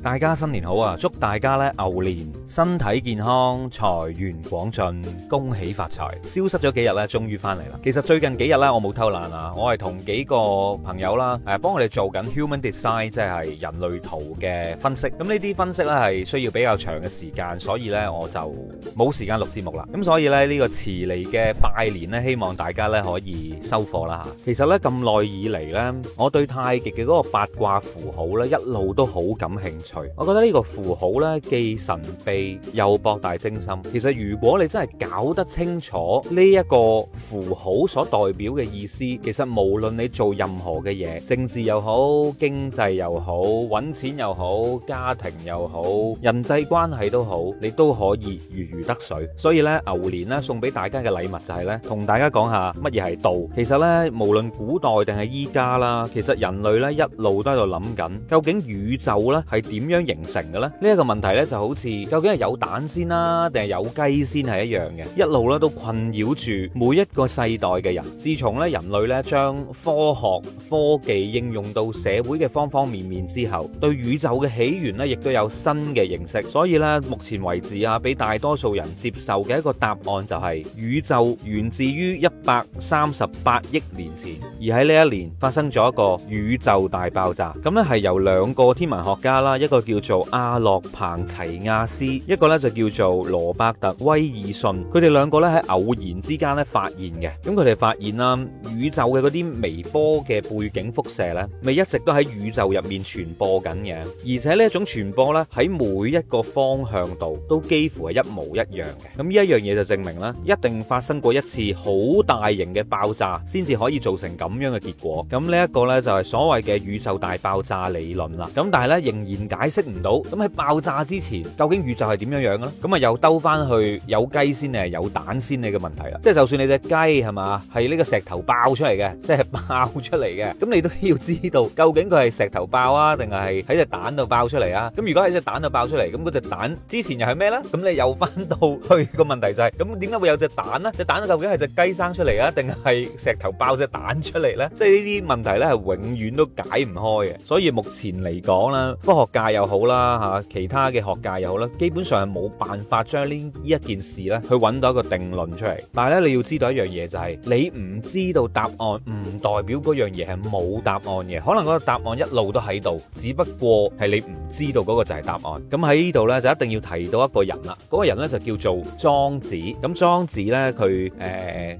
大家新年好啊！祝大家咧牛年身體健康、財源廣進、恭喜發財！消失咗幾日咧，終於翻嚟啦。其實最近幾日咧，我冇偷懶啊，我係同幾個朋友啦，誒，幫我哋做緊 human design，即係人類圖嘅分析。咁呢啲分析咧係需要比較長嘅時間，所以咧我就冇時間錄節目啦。咁所以咧呢個遲嚟嘅拜年咧，希望大家咧可以收貨啦吓。其實咧咁耐以嚟咧，我對太極嘅嗰個八卦符號咧，一路都好感興趣。我覺得呢個符號呢，既神秘又博大精深。其實如果你真係搞得清楚呢一個符號所代表嘅意思，其實無論你做任何嘅嘢，政治又好，經濟又好，搵錢又好，家庭又好，人際關係都好，你都可以如魚得水。所以呢，牛年呢送俾大家嘅禮物就係呢，同大家講下乜嘢係道。其實呢，無論古代定係依家啦，其實人類呢一路都喺度諗緊，究竟宇宙呢係點？點樣形成嘅咧？呢一個問題咧就好似究竟係有蛋先啦，定係有雞先係一樣嘅，一路咧都困擾住每一個世代嘅人。自從咧人類咧將科學科技應用到社會嘅方方面面之後，對宇宙嘅起源咧亦都有新嘅認識。所以咧目前為止啊，俾大多數人接受嘅一個答案就係宇宙源自於一百三十八億年前，而喺呢一年發生咗一個宇宙大爆炸。咁咧係由兩個天文學家啦一。一個叫做阿洛彭齊亞斯，一個咧就叫做羅伯特威爾遜，佢哋兩個咧喺偶然之間咧發現嘅。咁佢哋發現啦，宇宙嘅嗰啲微波嘅背景輻射咧，咪一直都喺宇宙入面傳播緊嘅，而且呢一種傳播咧喺每一個方向度都幾乎係一模一樣嘅。咁呢一樣嘢就證明啦，一定發生過一次好大型嘅爆炸，先至可以造成咁樣嘅結果。咁呢一個咧就係所謂嘅宇宙大爆炸理論啦。咁但係咧仍然解。解釋唔到咁喺爆炸之前，究竟宇宙係點樣樣嘅咧？咁啊又兜翻去有雞先定係有蛋先你嘅問題啦。即係就算你隻雞係嘛係呢個石頭爆出嚟嘅，即係爆出嚟嘅，咁你都要知道究竟佢係石頭爆啊，定係喺隻蛋度爆出嚟啊？咁如果喺隻蛋度爆出嚟，咁嗰隻蛋之前又係咩咧？咁你又翻到去個問題就係，咁點解會有隻蛋呢？隻蛋究竟係隻雞生出嚟啊，定係石頭爆隻蛋出嚟咧？即係呢啲問題咧係永遠都解唔開嘅。所以目前嚟講啦，科學界。又好啦嚇，其他嘅學界又好啦，基本上係冇辦法將呢依一件事咧去揾到一個定論出嚟。但係咧，你要知道一樣嘢就係，你唔知道答案唔代表嗰樣嘢係冇答案嘅，可能嗰個答案一路都喺度，只不過係你唔知道嗰個就係答案。咁喺呢度咧就一定要提到一個人啦，嗰個人咧就叫做莊子。咁莊子咧佢誒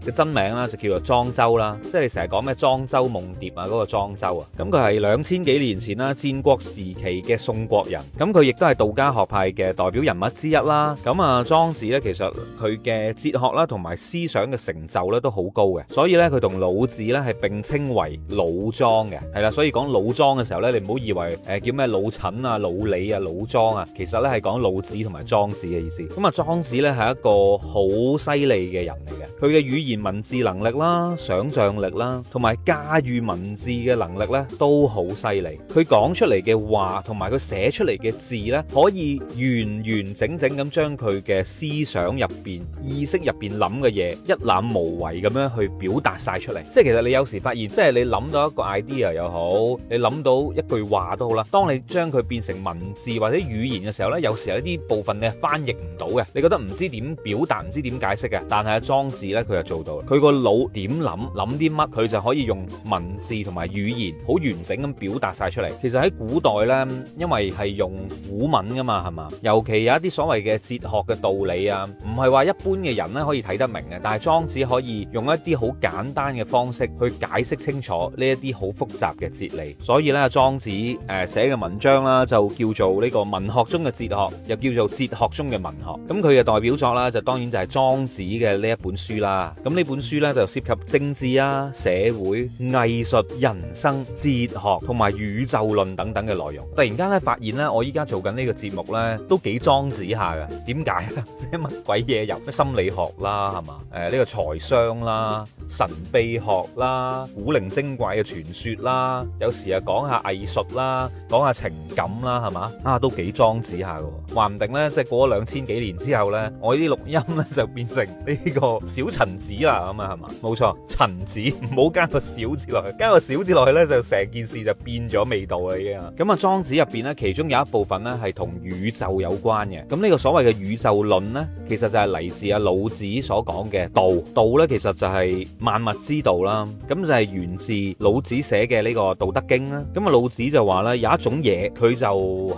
嘅真名咧就叫做莊周啦，即係你成日講咩莊周夢蝶啊嗰個莊周啊。咁佢係兩千幾年前啦，戰國時期嘅宋中國人。咁佢亦都係道家學派嘅代表人物之一啦。咁啊莊子咧，其實佢嘅哲學啦同埋思想嘅成就咧都好高嘅，所以咧佢同老子咧係並稱為老莊嘅，係啦。所以講老莊嘅時候咧，你唔好以為誒叫咩老陳啊、老李啊、老莊啊，其實咧係講老子同埋莊子嘅意思。咁啊莊子咧係一個好犀利嘅人。佢嘅語言文字能力啦、想像力啦，同埋駕馭文字嘅能力呢，都好犀利。佢講出嚟嘅話同埋佢寫出嚟嘅字呢，可以完完整整咁將佢嘅思想入邊、意識入邊諗嘅嘢一覽無遺咁樣去表達晒出嚟。即係其實你有時發現，即係你諗到一個 idea 又好，你諗到一句話都好啦。當你將佢變成文字或者語言嘅時候呢，有時候一啲部分你係翻譯唔到嘅，你覺得唔知點表達，唔知點解釋嘅。但係啊，莊子。佢就做到，佢個腦點諗諗啲乜，佢就可以用文字同埋語言好完整咁表達晒出嚟。其實喺古代呢，因為係用古文㗎嘛，係嘛，尤其有一啲所謂嘅哲學嘅道理啊，唔係話一般嘅人呢可以睇得明嘅。但係莊子可以用一啲好簡單嘅方式去解釋清楚呢一啲好複雜嘅哲理。所以呢，莊子誒寫嘅文章啦，就叫做呢個文學中嘅哲學，又叫做哲學中嘅文學。咁佢嘅代表作啦，就當然就係莊子嘅呢一本書。啦，咁呢本書呢，就涉及政治啊、社會、藝術、人生、哲學同埋宇宙論等等嘅內容。突然間呢，發現呢，我依家做緊呢個節目呢，都幾莊子下㗎。點解啊？即係乜鬼嘢入？咩心理學啦、啊，係嘛？誒、這、呢個財商啦、啊、神秘學啦、啊、古靈精怪嘅傳說啦、啊，有時又講下藝術啦。講下情感啦，係嘛啊，都幾莊子下嘅，話唔定呢，即係過咗兩千幾年之後呢，我呢啲錄音呢，就變成呢個小陳子啦，咁啊係嘛，冇錯，陳子，唔好加個小字落去，加個小字落去呢，就成件事就變咗味道嘅啫。咁啊，莊子入邊呢，其中有一部分呢，係同宇宙有關嘅，咁呢個所謂嘅宇宙論呢，其實就係嚟自阿老子所講嘅道，道呢，其實就係萬物之道啦，咁就係源自老子寫嘅呢個《道德經》啦。咁啊，老子就話呢。也。種嘢佢就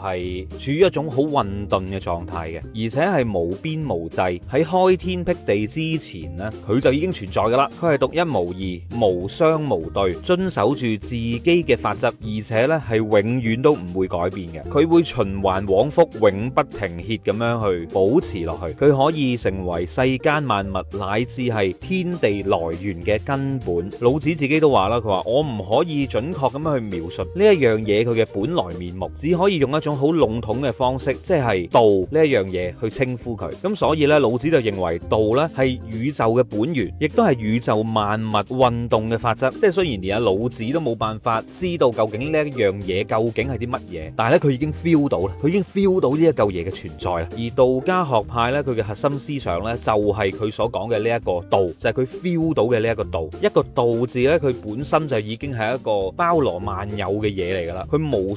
係處於一種好混沌嘅狀態嘅，而且係無邊無際。喺開天辟地之前呢，佢就已經存在噶啦。佢係獨一無二、無雙無對，遵守住自己嘅法則，而且呢係永遠都唔會改變嘅。佢會循環往復、永不停歇，咁樣去保持落去。佢可以成為世間萬物乃至係天地來源嘅根本。老子自己都話啦，佢話我唔可以準確咁樣去描述呢一樣嘢佢嘅本。本來面目，只可以用一種好籠統嘅方式，即係道呢一樣嘢去稱呼佢。咁所以咧，老子就認為道咧係宇宙嘅本源，亦都係宇宙萬物運動嘅法則。即係雖然連阿老子都冇辦法知道究竟呢一樣嘢究竟係啲乜嘢，但係咧佢已經 feel 到啦，佢已經 feel 到呢一嚿嘢嘅存在啦。而道家學派咧，佢嘅核心思想咧就係佢所講嘅呢一個道，就係佢 feel 到嘅呢一個道。一個道字咧，佢本身就已經係一個包羅萬有嘅嘢嚟噶啦，佢冇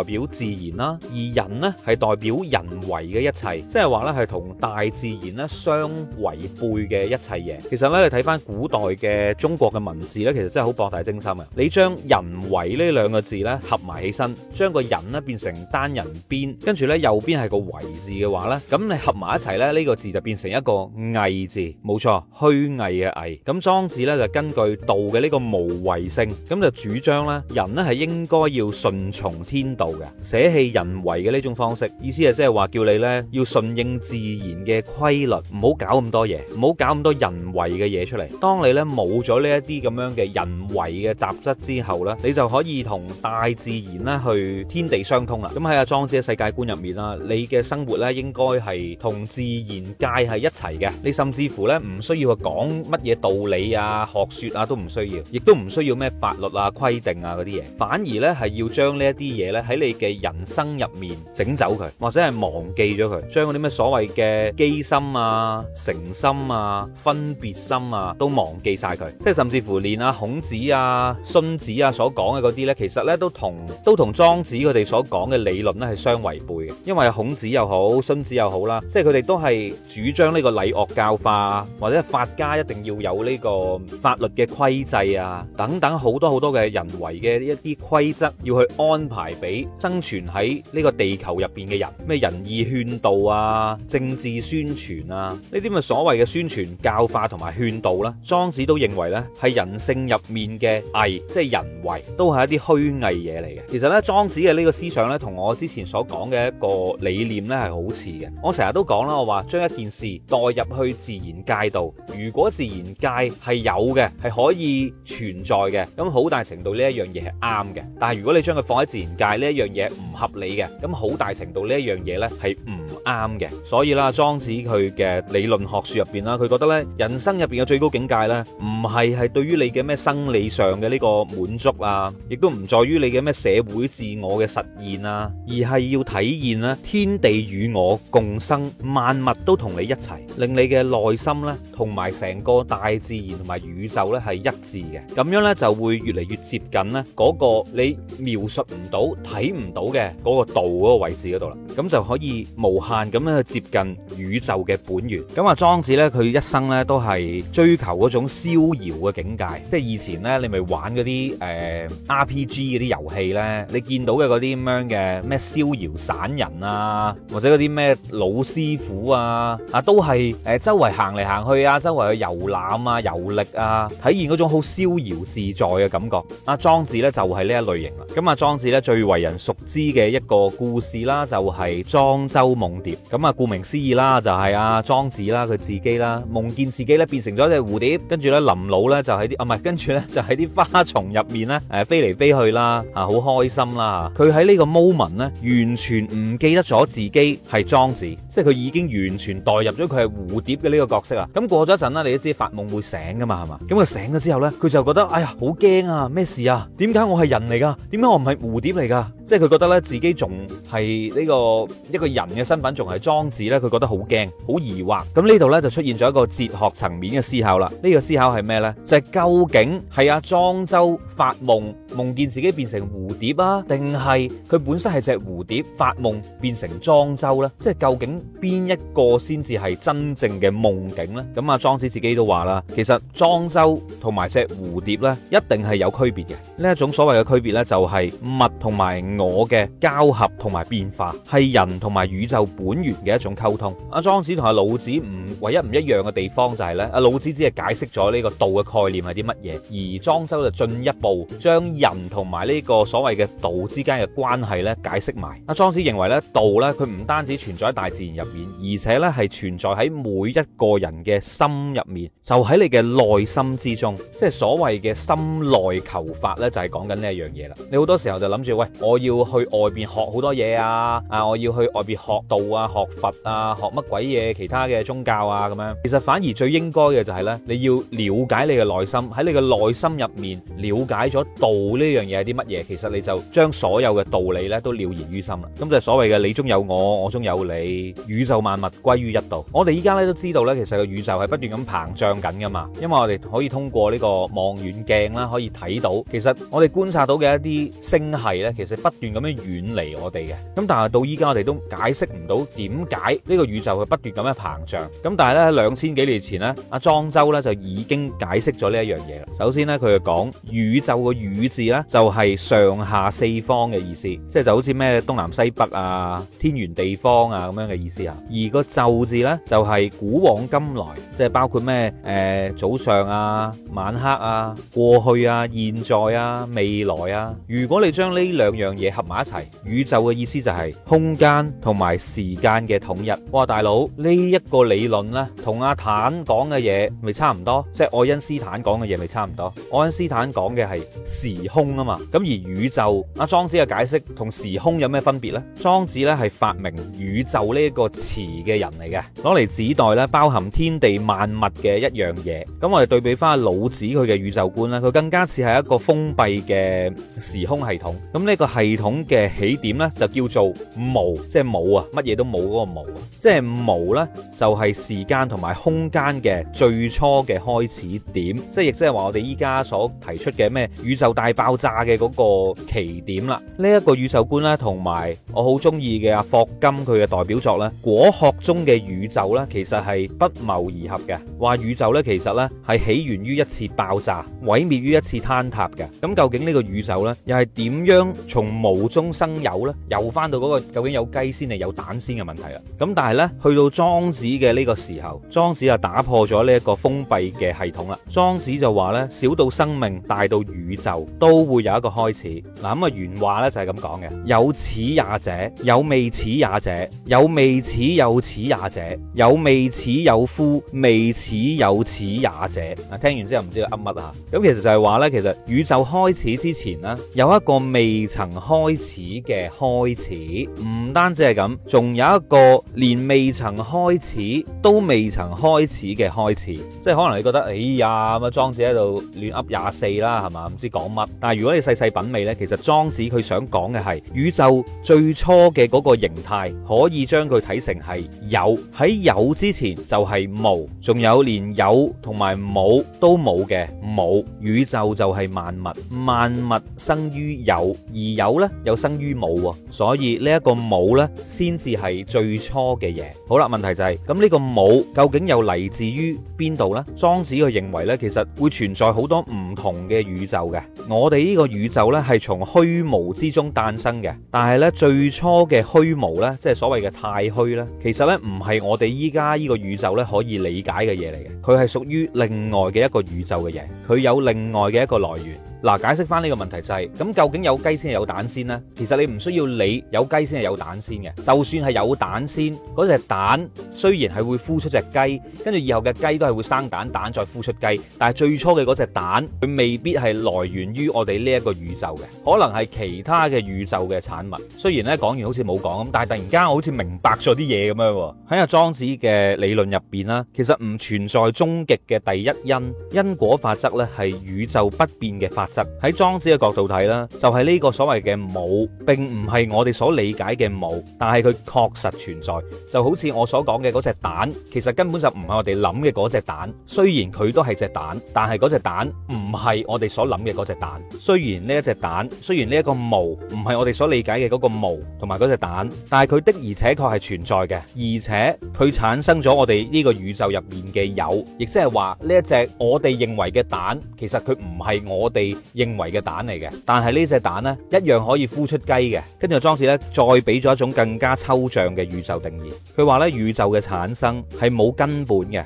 代表自然啦，而人呢係代表人為嘅一切，即係話呢係同大自然呢相違背嘅一切嘢。其實呢你睇翻古代嘅中國嘅文字呢，其實真係好博大精深啊。你將人為呢兩個字呢合埋起身，將個人呢變成單人邊，跟住呢右邊係個為字嘅話呢，咁你合埋一齊呢呢個字就變成一個偽字，冇錯，虛偽嘅偽。咁莊子呢就根據道嘅呢個無為性，咁就主張呢人呢係應該要順從天道。捨棄人為嘅呢種方式，意思係即係話叫你咧要順應自然嘅規律，唔好搞咁多嘢，唔好搞咁多人為嘅嘢出嚟。當你咧冇咗呢一啲咁樣嘅人為嘅雜質之後咧，你就可以同大自然咧去天地相通啦。咁喺阿莊子嘅世界觀入面啦，你嘅生活咧應該係同自然界係一齊嘅。你甚至乎咧唔需要去講乜嘢道理啊、學說啊，都唔需要，亦都唔需要咩法律啊、規定啊嗰啲嘢，反而咧係要將呢一啲嘢咧喺。你嘅人生入面整走佢，或者係忘記咗佢，將嗰啲咩所謂嘅機心啊、成心啊、分別心啊都忘記晒佢，即係甚至乎連啊孔子啊、荀子啊所講嘅嗰啲咧，其實咧都同都同莊子佢哋所講嘅理論咧係相違背嘅，因為孔子又好，荀子又好啦，即係佢哋都係主張呢個禮樂教化，或者法家一定要有呢個法律嘅規制啊，等等好多好多嘅人為嘅一啲規則要去安排俾。生存喺呢個地球入邊嘅人，咩仁義勸導啊、政治宣傳啊，呢啲咪所謂嘅宣傳教化同埋勸導咧？莊子都認為呢係人性入面嘅偽，即係人為，都係一啲虛偽嘢嚟嘅。其實呢，莊子嘅呢個思想呢，同我之前所講嘅一個理念呢係好似嘅。我成日都講啦，我話將一件事代入去自然界度，如果自然界係有嘅，係可以存在嘅，咁好大程度呢一樣嘢係啱嘅。但係如果你將佢放喺自然界咧，一樣嘢唔合理嘅，咁好大程度呢一樣嘢呢係唔啱嘅。所以啦莊子佢嘅理論學說入面啦，佢覺得呢，人生入面嘅最高境界呢唔係係係對於你嘅咩生理上嘅呢個滿足呀，亦都唔在於你嘅咩社會自我嘅實現呀，而係要體現啦，天地與我共生，萬物都同你一齊，令你嘅內心呢同埋成個大自然同埋宇宙呢係一致嘅。咁樣呢就會越嚟越接近呢嗰個你描述唔到起唔到嘅嗰個道嗰個位置嗰度啦，咁就可以無限咁樣去接近宇宙嘅本源。咁啊莊子咧，佢一生咧都係追求嗰種逍遙嘅境界。即係以前咧，你咪玩嗰啲誒 RPG 啲遊戲咧，你見到嘅嗰啲咁樣嘅咩逍遙散人啊，或者嗰啲咩老師傅啊，啊都係誒周圍行嚟行去啊，周圍去遊覽啊、遊歷啊，體驗嗰種好逍遙自在嘅感覺。啊莊子咧就係呢一類型啦。咁啊莊子咧最為人熟知嘅一個故事啦，就係莊周夢蝶咁啊。顧名思義啦，就係阿莊子啦，佢自己啦，夢見自己咧變成咗一隻蝴蝶，跟住咧林老咧就喺啲啊唔係，跟住咧就喺啲花叢入面咧誒飛嚟飛去啦，啊好開心啦，佢喺呢個 moment 咧完全唔記得咗自己係莊子，即係佢已經完全代入咗佢係蝴蝶嘅呢個角色啊。咁過咗一陣啦，你都知發夢會醒噶嘛，係嘛？咁佢醒咗之後咧，佢就覺得哎呀好驚啊，咩事啊？點解我係人嚟噶？點解我唔係蝴蝶嚟噶？即係佢覺得咧，自己仲係呢個一個人嘅身份，仲係莊子咧，佢覺得好驚，好疑惑。咁呢度咧就出現咗一個哲學層面嘅思考啦。呢、呢個思考係咩呢？就係、係、究竟係阿莊周發夢，夢見自己變成蝴蝶啊，定係佢本身係隻蝴蝶發夢變成莊周呢？即係究竟邊一個先至係真正嘅夢境呢？咁阿莊子自己都話啦，其實莊周同埋隻蝴蝶呢，一定係有區別嘅。呢一種所謂嘅區別呢，就係物同埋。我嘅交合同埋變化係人同埋宇宙本源嘅一種溝通。阿莊子同阿老子唔唯一唔一樣嘅地方就係咧，阿老子只係解釋咗呢個道嘅概念係啲乜嘢，而莊周就進一步將人同埋呢個所謂嘅道之間嘅關係咧解釋埋。阿莊子認為咧，道咧佢唔單止存在喺大自然入面，而且咧係存在喺每一個人嘅心入面，就喺你嘅內心之中，即係所謂嘅心內求法咧，就係講緊呢一樣嘢啦。你好多時候就諗住，喂我，要去外邊學好多嘢啊！啊，我要去外邊學道啊、學佛啊、學乜鬼嘢、其他嘅宗教啊，咁樣。其實反而最應該嘅就係咧，你要了解你嘅內心，喺你嘅內心入面了解咗道呢樣嘢係啲乜嘢，其實你就將所有嘅道理咧都了然於心啦。咁就係所謂嘅你中有我，我中有你，宇宙萬物歸於一道。我哋依家咧都知道咧，其實個宇宙係不斷咁膨脹緊噶嘛，因為我哋可以通過呢個望遠鏡啦，可以睇到，其實我哋觀察到嘅一啲星系咧，其實不。不斷咁樣遠離我哋嘅，咁但係到依家我哋都解釋唔到點解呢個宇宙係不斷咁樣膨脹，咁但係咧喺兩千幾年前咧，阿莊周咧就已經解釋咗呢一樣嘢。首先咧，佢就講宇宙個宇字咧就係上下四方嘅意思，即係就好似咩東南西北啊、天圓地方啊咁樣嘅意思啊。而個宙字咧就係古往今來，即係包括咩誒、呃、早上啊、晚黑啊、過去啊、現在啊、未來啊。如果你將呢兩樣，嘢合埋一齊，宇宙嘅意思就係空間同埋時間嘅統一。哇，大佬，呢一個理論咧，同阿坦講嘅嘢咪差唔多，即係愛因斯坦講嘅嘢咪差唔多。愛因斯坦講嘅係時空啊嘛，咁而宇宙阿莊子嘅解釋同時空有咩分別咧？莊子咧係發明宇宙呢一個詞嘅人嚟嘅，攞嚟指代咧包含天地萬物嘅一樣嘢。咁我哋對比翻，阿老子佢嘅宇宙觀咧，佢更加似係一個封閉嘅時空系統。咁呢個係。系統嘅起點咧，就叫做無，即係冇啊，乜嘢都冇嗰個無啊，即係無咧，就係、是、時間同埋空間嘅最初嘅開始點，即係亦即係話我哋依家所提出嘅咩宇宙大爆炸嘅嗰個奇點啦。呢、這、一個宇宙觀啦，同埋我好中意嘅霍金佢嘅代表作咧，《果殼中嘅宇宙》咧，其實係不謀而合嘅，話宇宙咧其實咧係起源於一次爆炸，毀滅於一次坍塌嘅。咁究竟呢個宇宙咧，又係點樣從？無中生有咧，又翻到嗰個究竟有雞先定有蛋先嘅問題啦。咁但係呢，去到莊子嘅呢個時候，莊子就打破咗呢一個封閉嘅系統啦。莊子就話呢，小到生命，大到宇宙，都會有一個開始。嗱、啊，咁啊原話呢，就係咁講嘅：有始也者，有未始也者；有未始有始也者，有未始有夫未始有始也者。嗱、啊，聽完之後唔知佢噏乜啊？咁其實就係話呢，其實宇宙開始之前啦，有一個未曾。開始嘅開始，唔單止係咁，仲有一個連未曾開始都未曾開始嘅開始，即係可能你覺得，哎呀咁啊莊子喺度亂噏廿四啦，係嘛？唔知講乜。但係如果你細細品味呢，其實莊子佢想講嘅係宇宙最初嘅嗰個形態，可以將佢睇成係有。喺有之前就係無，仲有連有同埋冇都冇嘅冇。宇宙就係萬物，萬物生於有，而有咧有生於冇，所以呢一個冇呢先至係最初嘅嘢。好啦，問題就係咁，呢個冇究竟又嚟自於邊度呢？莊子佢認為呢，其實會存在好多唔同嘅宇宙嘅。我哋呢個宇宙呢，係從虛無之中誕生嘅，但係呢，最初嘅虛無呢，即係所謂嘅太虛呢，其實呢，唔係我哋依家呢個宇宙呢可以理解嘅嘢嚟嘅，佢係屬於另外嘅一個宇宙嘅嘢，佢有另外嘅一個來源。嗱，解釋翻呢個問題就係，咁究竟有雞先係有蛋先呢？其實你唔需要理有雞先係有蛋先嘅，就算係有蛋先，嗰隻蛋。雖然係會孵出隻雞，跟住以後嘅雞都係會生蛋，蛋再孵出雞。但係最初嘅嗰隻蛋，佢未必係來源於我哋呢一個宇宙嘅，可能係其他嘅宇宙嘅產物。雖然咧講完好似冇講咁，但係突然間我好似明白咗啲嘢咁樣喎。喺阿莊子嘅理論入邊啦，其實唔存在終極嘅第一因，因果法則呢係宇宙不變嘅法則。喺莊子嘅角度睇啦，就係呢個所謂嘅「冇」，並唔係我哋所理解嘅「冇」，但係佢確實存在，就好似我所講。嘅嗰隻蛋，其實根本就唔係我哋諗嘅嗰隻蛋。雖然佢都係隻蛋，但係嗰隻蛋唔係我哋所諗嘅嗰隻蛋。雖然呢一隻蛋，雖然呢一個毛唔係我哋所理解嘅嗰個毛同埋嗰隻蛋，但係佢的而且確係存在嘅。而且佢產生咗我哋呢個宇宙入面嘅有，亦即係話呢一隻我哋認為嘅蛋，其實佢唔係我哋認為嘅蛋嚟嘅。但係呢隻蛋呢，一樣可以孵出雞嘅。跟住莊子呢，再俾咗一種更加抽象嘅宇宙定義。佢話呢宇宙，嘅產生係冇根本嘅，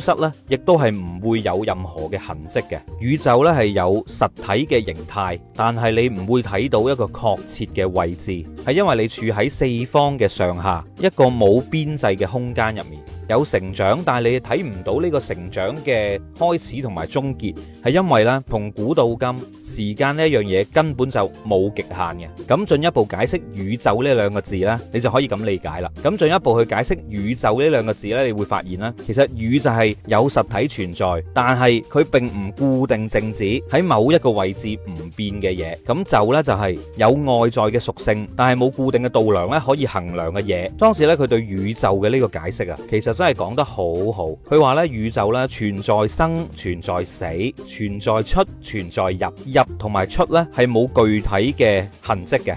消失呢亦都係唔會有任何嘅痕跡嘅。宇宙呢係有實體嘅形態，但係你唔會睇到一個確切嘅位置，係因為你處喺四方嘅上下，一個冇邊際嘅空間入面。有成長，但係你睇唔到呢個成長嘅開始同埋終結，係因為呢，從古到今，時間呢一樣嘢根本就冇極限嘅。咁進一步解釋宇宙呢兩個字呢，你就可以咁理解啦。咁進一步去解釋宇宙呢兩個字呢，你會發現啦，其實宇就係有實體存在，但係佢並唔固定靜止喺某一個位置唔變嘅嘢。咁就呢，就係、是、有外在嘅屬性，但係冇固定嘅度量呢可以衡量嘅嘢。當時呢，佢對宇宙嘅呢個解釋啊，其實。真係講得好好，佢話咧宇宙咧存在生、存在死、存在出、存在入，入同埋出咧係冇具體嘅痕跡嘅。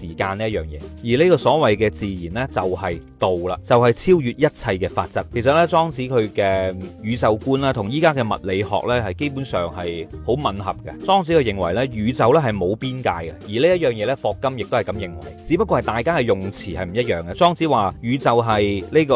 時間呢一樣嘢，而呢個所謂嘅自然呢，就係道啦，就係超越一切嘅法則。其實呢，莊子佢嘅宇宙觀啦，同依家嘅物理學呢，係基本上係好吻合嘅。莊子佢認為呢，宇宙呢係冇邊界嘅，而呢一樣嘢呢，霍金亦都係咁認為，只不過係大家嘅用詞係唔一樣嘅。莊子話宇宙係呢個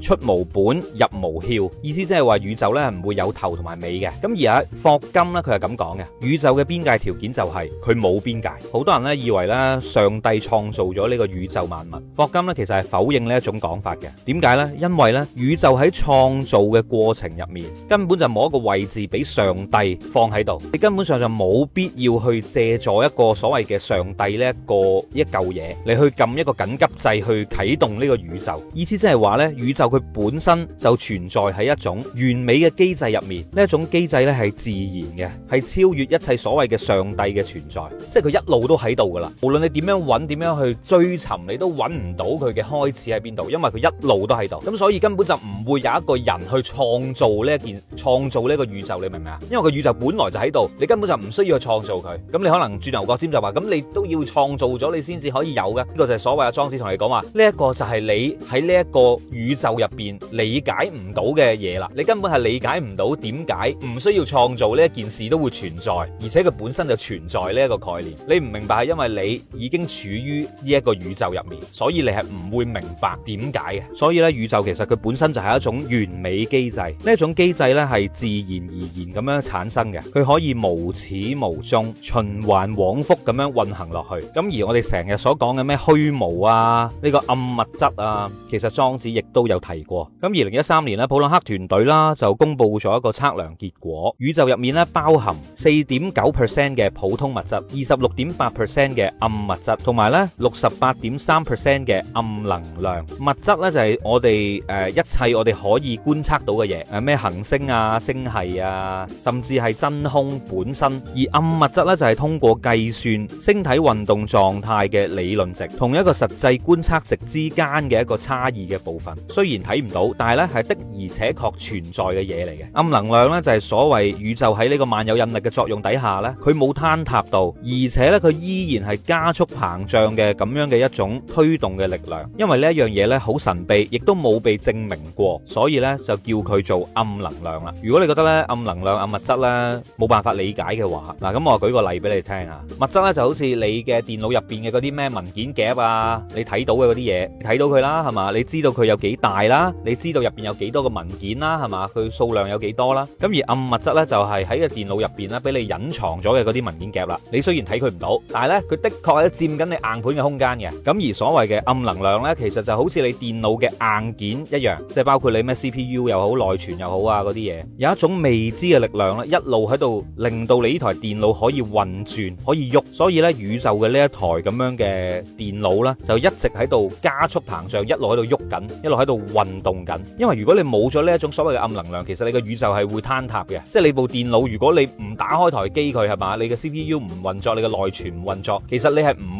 出無本入無竅，意思即係話宇宙呢唔會有頭同埋尾嘅。咁而家，霍金呢，佢係咁講嘅，宇宙嘅邊界條件就係佢冇邊界。好多人呢，以為呢，上帝創造咗呢個宇宙萬物，霍金咧其實係否認呢一種講法嘅。點解呢？因為呢，宇宙喺創造嘅過程入面，根本就冇一個位置俾上帝放喺度，你根本上就冇必要去借助一個所謂嘅上帝呢一個一嚿嘢，你去撳一個緊急掣去啟動呢個宇宙。意思即係話呢，宇宙佢本身就存在喺一種完美嘅機制入面，呢一種機制呢係自然嘅，係超越一切所謂嘅上帝嘅存在，即係佢一路都喺度噶啦。無論你點點樣揾？點樣去追尋？你都揾唔到佢嘅開始喺邊度，因為佢一路都喺度。咁所以根本就唔會有一個人去創造呢一件、創造呢個宇宙。你明唔明啊？因為個宇宙本來就喺度，你根本就唔需要去創造佢。咁你可能轉牛角尖就話，咁你都要創造咗，你先至可以有嘅。呢、這個就係所謂阿莊子同你講話，呢、這、一個就係你喺呢一個宇宙入邊理解唔到嘅嘢啦。你根本係理解唔到點解唔需要創造呢一件事都會存在，而且佢本身就存在呢一個概念。你唔明白係因為你已經。處於呢一個宇宙入面，所以你係唔會明白點解嘅。所以咧，宇宙其實佢本身就係一種完美機制，呢種機制咧係自然而然咁樣產生嘅。佢可以無始無終、循環往復咁樣運行落去。咁而我哋成日所講嘅咩虛無啊，呢個暗物質啊，其實莊子亦都有提過。咁二零一三年咧，普朗克團隊啦就公布咗一個測量結果，宇宙入面咧包含四點九 percent 嘅普通物質，二十六點八 percent 嘅暗物質。同埋咧，六十八點三 percent 嘅暗能量物質咧，就係、是、我哋誒、呃、一切我哋可以觀察到嘅嘢，誒咩恆星啊、星系啊，甚至係真空本身。而暗物質咧，就係、是、通過計算星體運動狀態嘅理論值同一個實際觀察值之間嘅一個差異嘅部分。雖然睇唔到，但係咧係的而且確存在嘅嘢嚟嘅。暗能量咧，就係、是、所謂宇宙喺呢個萬有引力嘅作用底下咧，佢冇坍塌到，而且咧佢依然係加速膨脹嘅咁樣嘅一種推動嘅力量，因為呢一樣嘢咧好神秘，亦都冇被證明過，所以呢就叫佢做暗能量啦。如果你覺得呢暗能量、暗物質呢冇辦法理解嘅話，嗱咁我舉個例俾你聽啊。物質呢就好似你嘅電腦入邊嘅嗰啲咩文件夾啊，你睇到嘅嗰啲嘢，睇到佢啦係嘛，你知道佢有幾大啦，你知道入邊有幾多個文件啦係嘛，佢數量有幾多啦。咁而暗物質呢，就係喺個電腦入邊咧俾你隱藏咗嘅嗰啲文件夾啦。你雖然睇佢唔到，但係呢，佢的確係一。用緊你硬盤嘅空間嘅，咁而所謂嘅暗能量咧，其實就好似你電腦嘅硬件一樣，即係包括你咩 CPU 又好，內存又好啊嗰啲嘢，有一種未知嘅力量咧，一路喺度令到你呢台電腦可以運轉，可以喐，所以咧宇宙嘅呢一台咁樣嘅電腦咧，就一直喺度加速膨脹，一路喺度喐緊，一路喺度運動緊。因為如果你冇咗呢一種所謂嘅暗能量，其實你個宇宙係會坍塌嘅，即係你部電腦如果你唔打開台機佢係嘛，你嘅 CPU 唔運作，你嘅內存唔運作，其實你係唔。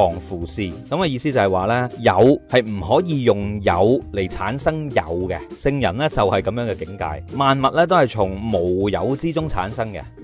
防父事，咁嘅意思就係話呢，有係唔可以用有嚟產生有嘅。聖人呢就係咁樣嘅境界，萬物呢都係從無有之中產生嘅，而呢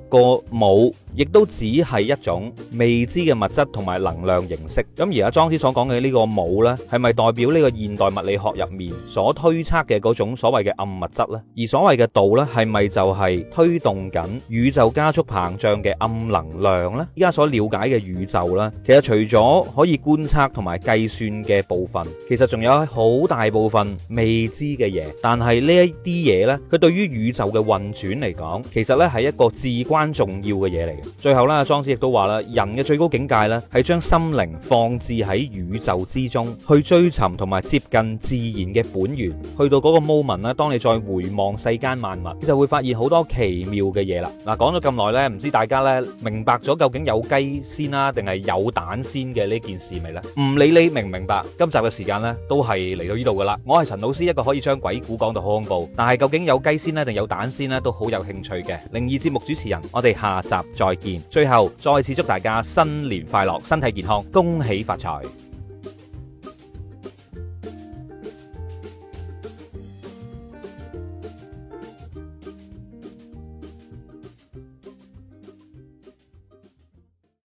一個冇。亦都只係一種未知嘅物質同埋能量形式。咁而家莊子所講嘅呢個冇呢，係咪代表呢個現代物理學入面所推測嘅嗰種所謂嘅暗物質呢？而所謂嘅道呢，係咪就係推動緊宇宙加速膨脹嘅暗能量呢？依家所了解嘅宇宙呢，其實除咗可以觀察同埋計算嘅部分，其實仲有好大部分未知嘅嘢。但係呢一啲嘢呢，佢對於宇宙嘅運轉嚟講，其實呢係一個至關重要嘅嘢嚟。最後啦，莊子亦都話啦，人嘅最高境界咧，係將心靈放置喺宇宙之中，去追尋同埋接近自然嘅本源，去到嗰個 moment 咧，當你再回望世間萬物，你就會發現好多奇妙嘅嘢啦。嗱，講咗咁耐呢，唔知大家呢，明白咗究竟有雞先啦，定係有蛋先嘅呢件事未呢？唔理你明唔明白，今集嘅時間呢，都係嚟到呢度噶啦。我係陳老師，一個可以將鬼故講到好恐怖，但係究竟有雞先呢定有蛋先呢，都好有興趣嘅靈異節目主持人。我哋下集再。再見！最後再次祝大家新年快樂，身體健康，恭喜發財！